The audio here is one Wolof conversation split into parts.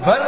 Voilà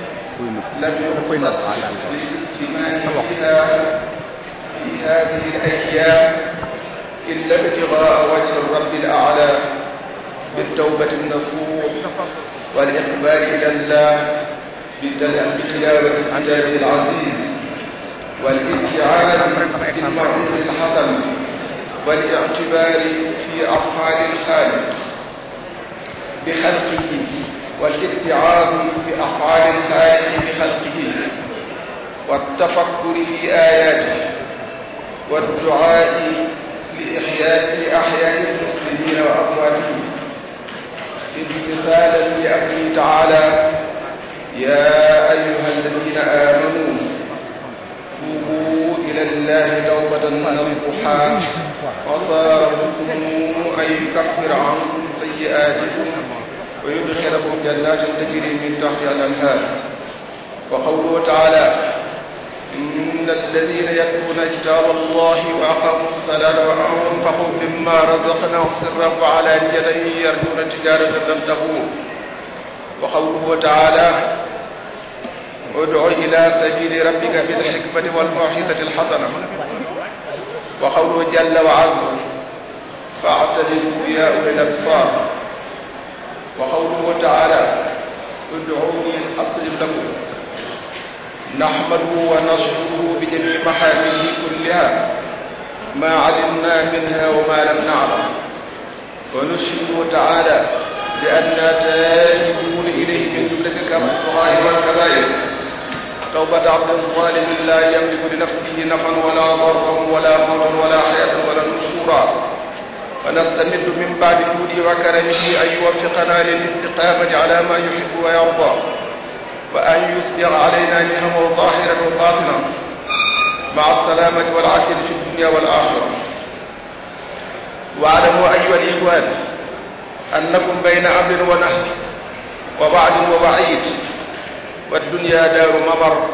koy nëb da koy nëb ah daal sa loxo. بالتوبة النصوح والإقبال إلى الله بالدلع بتلاوة كتابه العزيز والابتعاد بالموعظ الحسن والاعتبار في أفعال الخالق بخلقه والاتعاظ بأفعال الخالق بخلقه والتفكر في آياته والدعاء لإحياء لأحياء المسلمين وأمواتهم امتثالا لأمره تعالى يا أيها الذين آمنوا توبوا إلى الله توبة نصوحا وصار لكم أن يكفر عنكم سيئاتكم ويدخلكم جنات تجري من تحتها الأنهار وقوله تعالى إن الذين يتلون كتاب الله وأقاموا الصلاة وأنفقوا مما رزقناهم سرا وعلانية يرجون تجارة لن تقوم وقوله تعالى ادع إلى سبيل ربك بالحكمة والموعظة الحسنة وقوله جل وعز فاعتدلوا يا أولي الأبصار وقوله تعالى ادعوني أستجب لكم نحمده ونشكره بجميع محامده كلها ما علمنا منها وما لم نعلم ونشكره تعالى لأننا تائبون إليه من جملة الكبائر والكبائر توبة عبد ظالم لا يملك لنفسه نفعا ولا ضرا ولا موتا ولا حياة ولا نشورا ونستمد من بعد جوده وكرمه أن يوفقنا للاستقامة على ما يحب ويرضى وأن يسبغ علينا نعمه ظاهرا وباطنا مع السلامة والعافية في الدنيا والآخرة واعلموا أيها الإخوان أنكم بين أمر ونهر ووعد ووعيد والدنيا دار ممر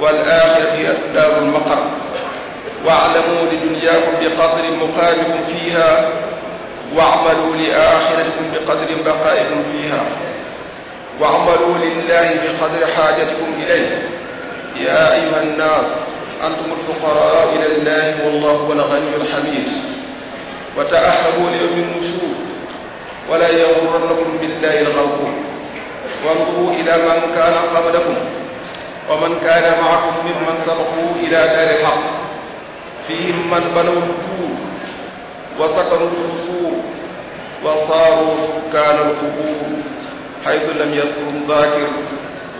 والآخرة دار المقر واعلموا لدنياكم بقدر مقامكم فيها واعملوا لآخرتكم بقدر بقائكم فيها واعملوا لله بقدر حاجتكم إليه يا أيها الناس أنتم الفقراء إلى الله والله هو الغني الحميد وتأهبوا ليوم النشور ولا يغرنكم بالله الغرور وانظروا إلى من كان قبلكم ومن كان معكم ممن سبقوا إلى دار الحق فيهم من بنوا الدور وسكنوا القصور وصاروا سكان القبور حيث لم يذكرهم ذاكر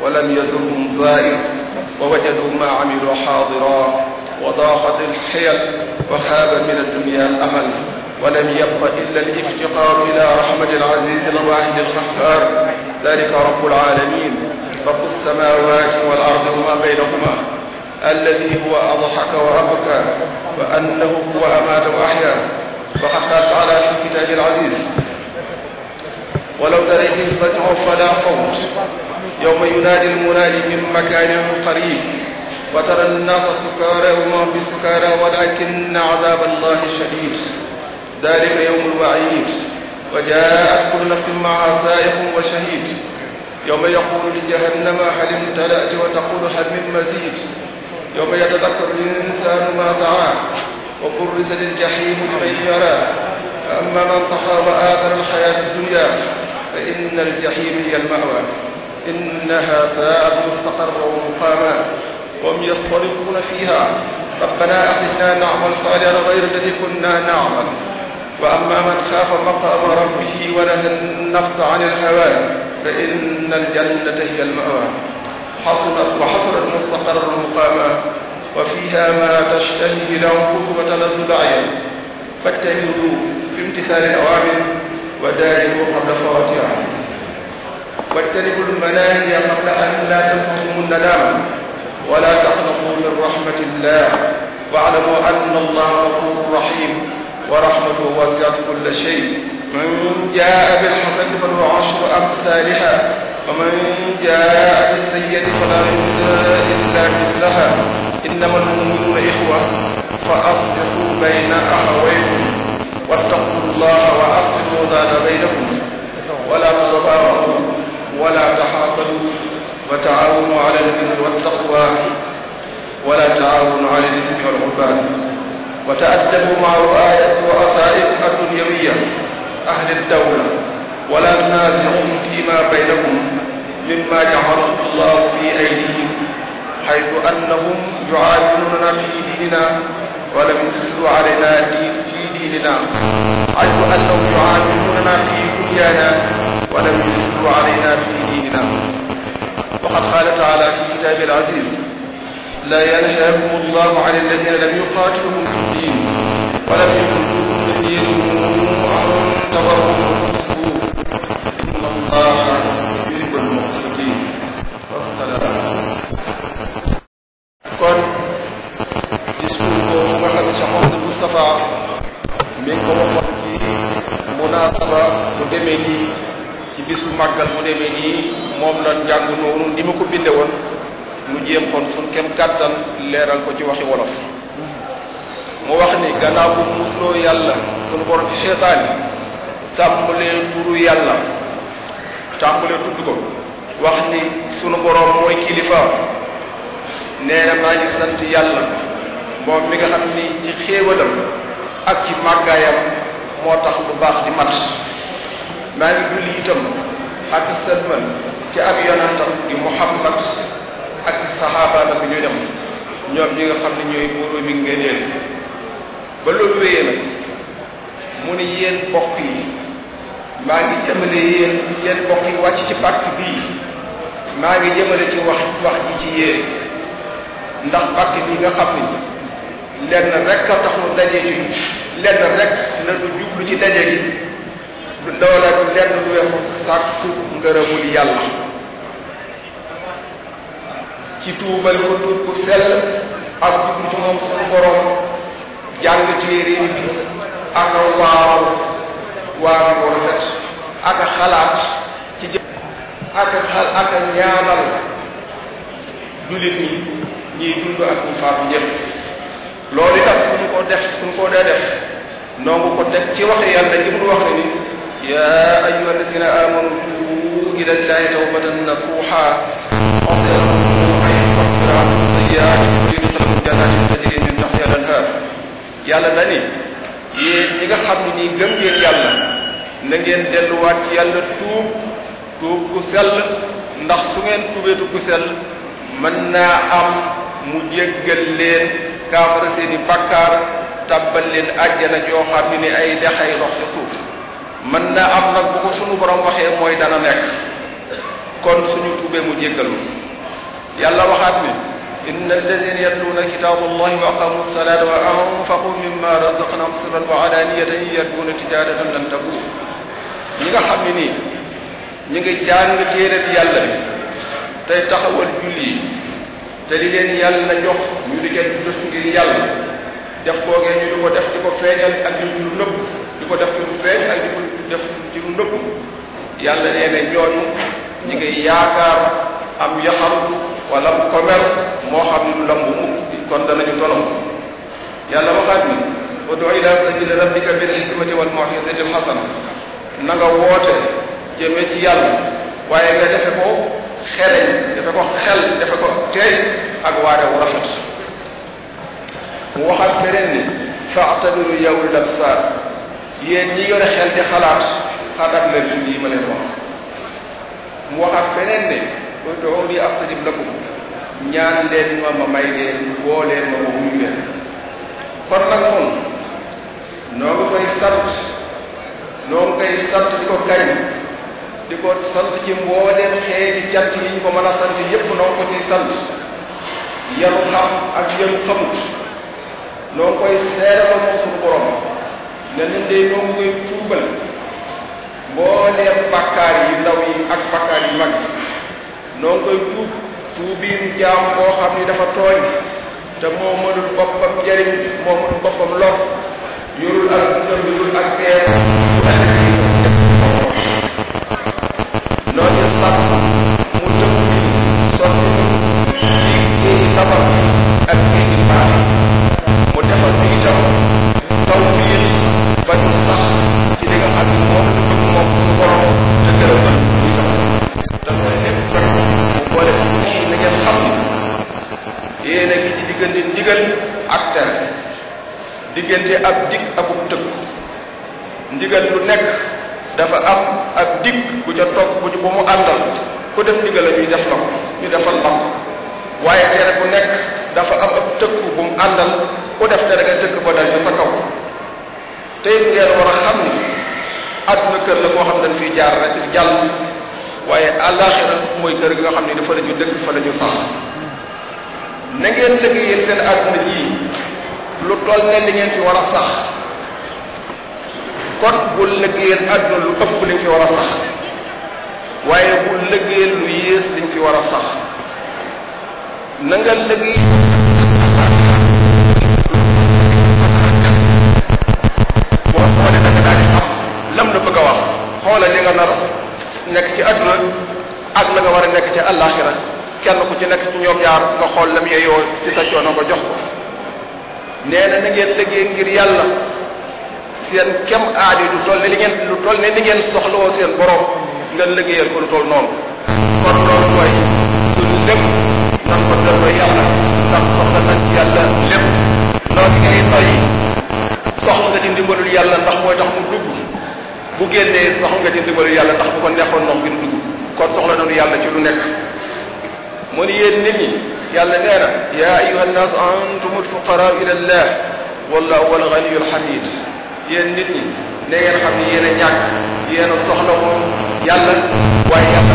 ولم يزرهم زائر ووجدوا ما عملوا حاضرا وضاقت الحيل وخاب من الدنيا الأمل ولم يبق إلا الافتقار إلى رحمة العزيز الواحد القهار ذلك رب العالمين رب السماوات والأرض وما بينهما الذي هو أضحك وأبكى وأنه هو أمات وأحيا فقد قال تعالى في الكتاب العزيز ولو ترى إذ فزعوا فلا خوف يوم ينادي المنادي من مكان قريب وترى الناس سكارى وما بسكارى ولكن عذاب الله شديد ذلك يوم الوعيد وجاءت كل نفس معها سائق وشهيد يوم يقول لجهنم هل امتلأت وتقول هل من مزيد yawma yatadakkaru l-insaanu maa sa'aa wa burrizati l-jahiimu liman yaraa fa ammaa man taghaa wa aathara l-hayaata d-dunyaa fa inna l-jahiima hiya l-ma'waa innahaa saa'at mustaqarran wa muqaamaa wa hum yasṭarikhuna fiihaa rabbanaa akhrijnaa na'mal saalihan ghayra alladhii kunnaa na'mal وأما من خاف مقام ربه ونهى النفس عن الهوى فإن الجنة هي المأوى حصلت وحصلت مستقرا ومقاما وفيها ما تشتهي الأنفس وتلذ الأعين فاجتهدوا في امتثال الأوامر وداروا قبل فواتها واجتنبوا المناهي قبل أن لا تنفهم الندامة ولا تقنطوا من رحمة الله واعلموا أن الله غفور رحيم ورحمته واسعت كل شيء من جاء بالحسنة فله عشر أمثالها ومن جاء بالسيئة فلا يجزى إلا مثلها إنما المؤمنون إخوة فأصلحوا بين أخويكم واتقوا الله وأصلحوا ذات بينكم ولا تتباغضوا ولا تحاسدوا وتعاونوا على البر والتقوى ولا تعاونوا على الإثم والعدوان وتأدبوا مع رؤاية رؤسائكم الدنيوية أهل الدولة ولا تنازعهم فيما بينكم مما جعله الله في أيديهم حيث أنهم يعادلوننا في ديننا ولم يفسدوا علينا دين في ديننا حيث أنهم يعادلوننا في دنيانا ولم يفسدوا علينا في ديننا وقد قال تعالى في كتابه العزيز لا ينهاكم الله عن الذين لم يقاتلوكم tàmbalee tudd ko wax ni sunu boroom mooy kilifa nee na maa ngi sant yàlla moom mi nga xam ni ci xéewalam ak ci màggaayam moo tax lu baax di mat maa ngi julli itam ak sëlmal ci ab yonantam di muhammad ak saxaaba nag ñu dem ñoom ñi nga xam ne ñooy boromi ngëneel ba loolu wéyee nag mu ne yéen bokk yi maa ngi jëmale yéen yéen mbokk yi wàcc ci pàkk bii maa ngi jëmale ci wax wax ji ci yéen ndax pàkk bi nga xam ni lenn rek a na daje ji lenn rek la du jublu ci daje gi du loola lenn lu weesu sàkku ngërëmul yàlla ci tuubal ko tuub bu sell ak jublu ci moom suñu borom jàng téere bi ak waaw waaw bu rafet ak a xalaat ci jë ak xal ak a ñaanal ñi ñiy dund ak ñu faatu ñëpp loolu itam suñu ko def suñu ko dee def ndongu ko teg ci wax yàlla li mu wax ne ni yaa ayyuha allazina amanu tuubu ila llahi tawbatan nasuha yàlla dani yéen ñi nga xam ne nii gëm ngeen yàlla nangeen delluwaat ci yàlla tuub tuub ku sell ndax su ngeen tuubeetu ku sell mën naa am mu jéggal leen kaafara seeni bàkkaar tàbbal leen àjjana joo xam ne ni ay dexay rox ca suuf mën naa am nag bu ko sunu borom waxee mooy dana nekk kon suñu tuubee mu jéggalu yàlla waxaat ni inna alladina yatluuna kitaba allahi wa aqamu salata wa anfaqu mimma razaqnahum sirran wa alaniyatan yarjuuna tijaratan lan tabuur ñi nga xam ne nii ñu ngi jàng téere yàlla bi tey taxawal julli yi te li leen yàlla na jox ñu di leen def ngir yàlla def koogee ñu di ko def di ko feeñal ak di lu ko def ci lu def ci lu nëbb yàlla nee na ñooñu ñu ngi yaakaar am yaxamtu wala am moo xam ne lu lamb mukk kon danañu tolom yàlla waxaat ni ud'u ila sabili rabbika bil hikmati wal maw'izati al hasana na nga woote jëme ci yàlla waaye nga defe ko xereñ defe ko xel defe ko tey ak waare wu rafet mu waxaat feneen ni faatabiru yow li daf saar yéen ñi yore xel di xalaat xalaat leen ci ma leen wax mu waxaat feneen ne ud'uuni astajib lakum ñaan leen ma may leen woo leen ma ma wuyu leen kon nag moom noo ngi koy sant noo ngi koy sant di ko kañ di ko sant ci mbooleem xeeti cant yi ñu ko mën a sant yépp noo ngi ko ciy sant yanu xam ak yanu xamut noo koy seeral moom suñu borom ne leen day noo koy tuubal mbooleem bakkaar yi ndaw yi ak bakkaar yi mag yi noo koy tuub tuubiinu jaam boo xam ni dafa tooñ te moo mënul boppam jariñ moo mënul boppam lor yorul ak dundam yorul ak dee bu ëllëgee noonu sàmm àdduna kër la moo xam ne fii jaar rek jàll waaye àllaaxira mooy kër gi nga xam ne dafa la ñu dëkk fa la ñu sax na ngeen liggéeyal seen àdduna jii lu toll ne li ngeen fi war a sax kon bul liggéeyal àdduna lu ëpp li fi war a sax waaye bul liggéeyal lu yées li fi war a sax na nga liggéey moo tax moo tax daal di lam la bëgg a wax xoolal li nga nar nekk ci àdduna ak la nga war a nekk ci àllaaxira kenn ku ci nekk ci ñoom ñaar nga xool lam yeyoo ci sa coono nga jox ko nee na na ngeen liggéey ngir yàlla seen kem aaj yi lu toll ne li ngeen soxlawoo seen borom nga liggéeyal ko lu toll noonu kon loolu mooy suñu lépp nan ko delloo yàlla ndax soxla nañ yàlla lépp loolu ngay noyyi soxla nga ci ndimbalul yàlla ndax mooy tax mu dugg bu génnee sax nga ci dimbalu yàlla ndax bu ko neexoon ndox bi du kon soxla nañu yàlla ci lu nekk mu ni nit ñi yàlla nee na yaa ayuha nnaas antumul fuqaraa ila llah wallahu huwa alganiyul nit ñi ne xam ni yéen a ñàkk yéen a soxla woon yàlla waaye yàlla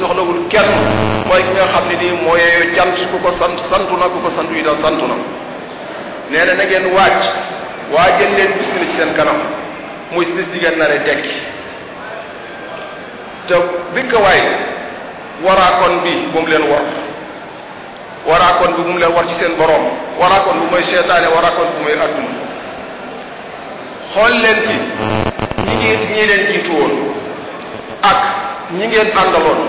soxla ku kenn mooy ki nga xam ne nii moo yeeyoo cant ku ko santu na ku ko sant yi daal santu na nee na na ngeen waaj waajal leen bis ci seen kanam muy bis bi ngeen nare tekki te bikkawaay waraakoon bi bu mu leen war waraakoon bi bu mu leen war ci seen boroom waraakoon bu mooy seetaane waraakoon bu mooy adduna xool leen ci ñi ngeen ñi leen jiitu woon ak ñi ngeen àndaloon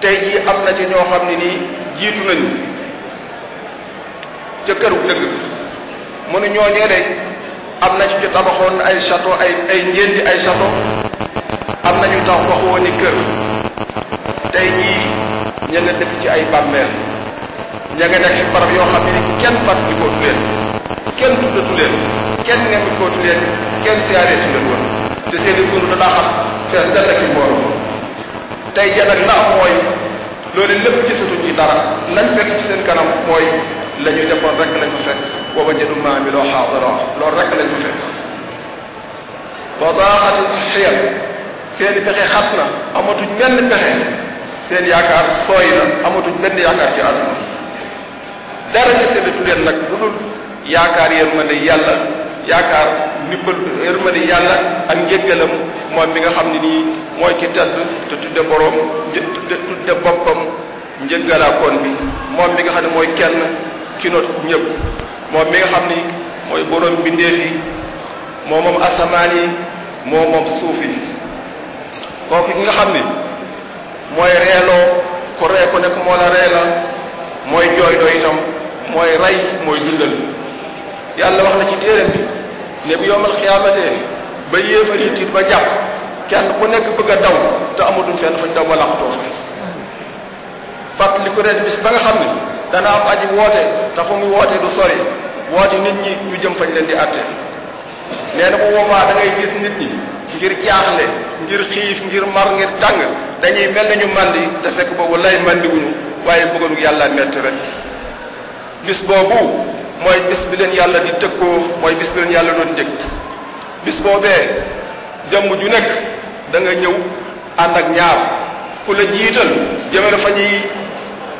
tey jii am na ci ñoo xam ne nii jiitu nañu ca këru dëgg mënu ñooñee de am na ci tabaxoon ay château ay ay njëndi ay château am nañu tax waxoon ni kër tey ñii ña nga dëkk ci ay bàmmeel ña nga nekk ci barab yoo xam ne ni kenn fàttali ko leen kenn tuddatu leen kenn nemmi leen kenn siyaareetu leen te seen i danaa xam fees dal ak i mbooloo tey ja nag mooy loolu lépp gisatuñ ci dara lañ fekk ci seen kanam mooy la defoon rek lañ fa fekk ووجدوا ما عملوا حاضرا loolu rek lañ fa fekk وضاعت الحيل seen i pexe xat na amatuñ benn pexe seen yaakaar sooy na amatuñ benn yaakaar ci àdduna dara deseetu leen nag lu dul yaakaar yërmande yàlla yaakaar ndimbal yërmande yàlla ak njëggalam moom mi nga xam ne nii mooy ki tedd te tudde boroom te tudde boppam njëggalaakoon bi moom mi nga xam ne mooy kenn ci noot moom mi nga xam ni mooy boroom bindeef yi moo moom asamaan yi moo moom suuf yi kooku ki nga xam ni mooy reeloo ko ree ko nekk moo la ree la mooy jooy doo itam mooy rey mooy dundal yàlla wax na ci téeram bi ne bu yowmal xiyaamatee ba yéefar yi tiit ba jàpp kenn ku nekk bëgg a daw te amatul fenn fañ daw ba làqatoo fa fàttali ko ren bis ba nga xam ni dana am aji woote te fu muy woote du sori woote nit ñi ñu jëm fañ leen di atte nee na bu boobaa da ngay gis nit ñi ngir jaaxle ngir xiif ngir mar ngir tàng dañuy mel na ñu mandi te fekk boobu lay mandiwuñu waaye bëggoon yàlla metti rek bis boobu mooy bis bi leen yàlla di tëkkoo mooy bis bi yàlla doon dég bis boobee jëmm ju nekk danga nga ñëw ànd ak ñaar ku la jiital jëmale fa ñuy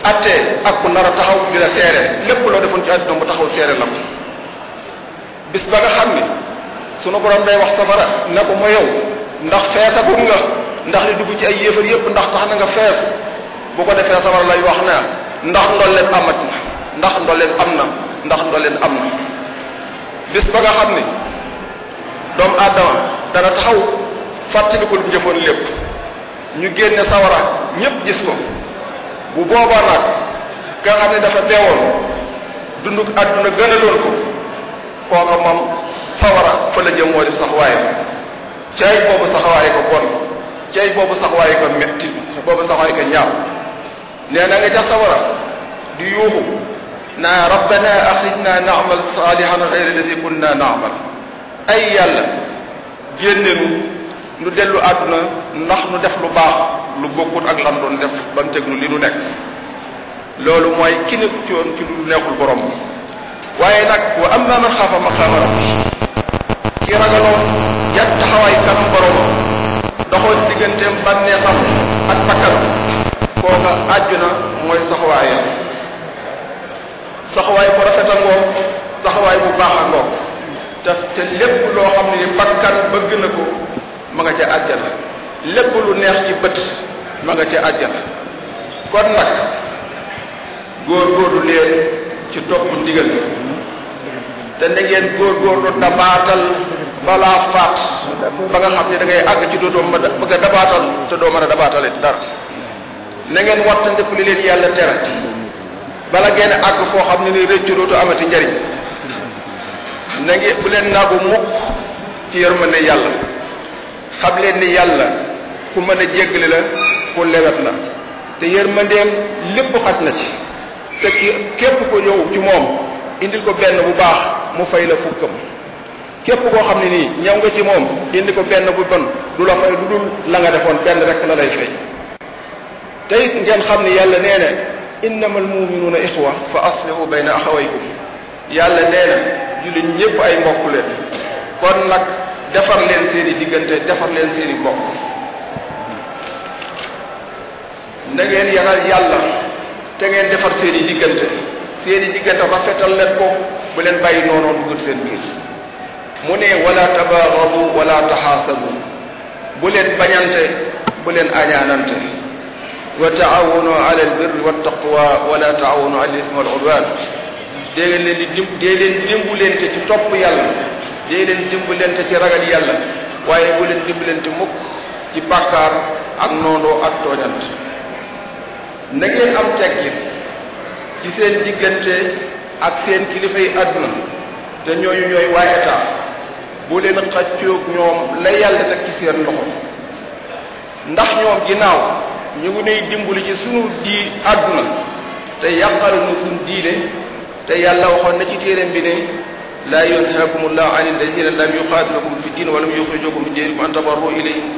atte ak ku nar a taxaw di la seere lépp loo defoon ci àdduna mu taxaw seere la ko bis ba nga xam ni sunu borom day wax safara ne ko ma yow ndax feesagum nga ndax li dugg ci ay yéefar yépp ndax tax na nga fees bu ko defee safara lay wax ne ndax ndolleen amat na ndax ndolleen am na ndax ndolleen am na bis ba nga xam ni doomu aadama dana taxaw fàttaliku lu njëfoon lépp ñu génne sawara ñépp gis ko bu boobaa nag ka xam ne dafa teewoon dund àdduna gënaloon ko kooka moom sawara fa la jëm moo di saxwaayam cay boobu saxawaay ko bon cay boobu saxawaay ko metti boobu saxawaay ko ñaaw nee na nga ca sawara di yuuxu naa rabbana axrijna naamal saalihan xayra alladi kunna naamal ay yàlla nu nu dellu àdduna ndax nu def lu baax lu bokkut ak lan doon def ban teg nu li nu nekk loolu mooy ki nekk ci woon ci lu neexul borom waaye nag wa am naa man xaafa maqaama rabbi ki ragaloon jàpp taxawaay kanam borom doxoon digganteem bànneexam ak bakkanam kooka àjjuna mooy saxawaayam saxawaay bu rafet a ngoog saxawaay bu baax a ngoog te lépp loo xam ne ni bakkan bëgg na ko ma nga ca àjjana lépp lu neex ci bët ma nga ca àjjana kon nag góorgóorlu leen ci topp ndigal te góor ngeen góorgóorlu dabaatal balaa faat ba nga xam ne da ngay àgg ci dootoo mën a bëgg a dabaatal te doo mën a dabaatale dara na ngeen wattandiku li leen yàlla tere bala ngeen àgg foo xam ne ni rëccu dootu amati njariñ na ngeen bu leen naagu mukk ci yërmande yàlla xam leen ni yàlla ku mën a jéggale la ku lewet la te yërmandeem lépp xat na ci te ki képp ko ñëw ci moom indil ko benn bu baax mu fay la fukkam képp koo xam ne nii ñëw nga ci moom indi ko benn bu bon du la fay lu dul la nga defoon benn rek la lay fay te it ngeen xam ni yàlla nee na innamal muminuuna ixwa fa aslihu bayna axawaykum yàlla nee na jullit ñépp ay mbokk leen kon nag defar leen seeni diggante defar leen seeni mbokk na ngeen yagal yàlla te ngeen defar seen i diggante seen i diggante rafetal leen ko bu leen bàyyi noonu duggal seen biir mu ne wala tabaagadu wala taxaasabu bu leen bañante bu añaanante wa taawanu ala albirri wa taqwa wala taawanu ala ismi wal udwan dee leen di ci topp yàlla dee leen ci ragal yàlla waaye bu leen dimbalante mukk ci bàkkaar ak noondoo ak tooñant na am teggin ci seen diggante ak seen kilifa yi àdduna te ñooñu ñooy waa état bu leen xàccoog ñoom la yàlla teg ci seen loxo ndax ñoom ginnaaw ñu ngi nuy dimbali ci sunu di àdduna te yàqal nu sunu diine te yàlla waxoon na ci téeréem bi ne laa yanhaakumullahu ani allazina lam yuqaatilukum fi diin wa lam yuxrijukum min diyarikum an tabarru ilayhim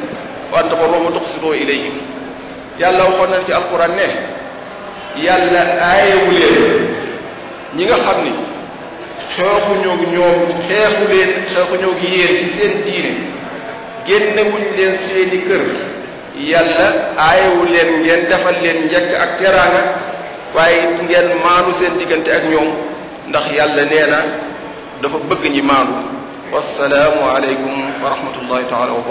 wa an tabarru wa tuqsitu ilayhim yàlla waxoon nañ ci alquran ne yàlla aayewu leen ñi nga xam ni xeexu ñoog ñoom xeexu leen xeexu ñoog yéen ci seen diine génnewuñ leen seeni kër yàlla aayewu leen ngeen defal leen njëkk ak teraanga waaye ngeen maanu seen diggante ak ñoom ndax yàlla nee na dafa bëgg ñi maanu wassalaamu aleykum wa rahmatullahi taala wa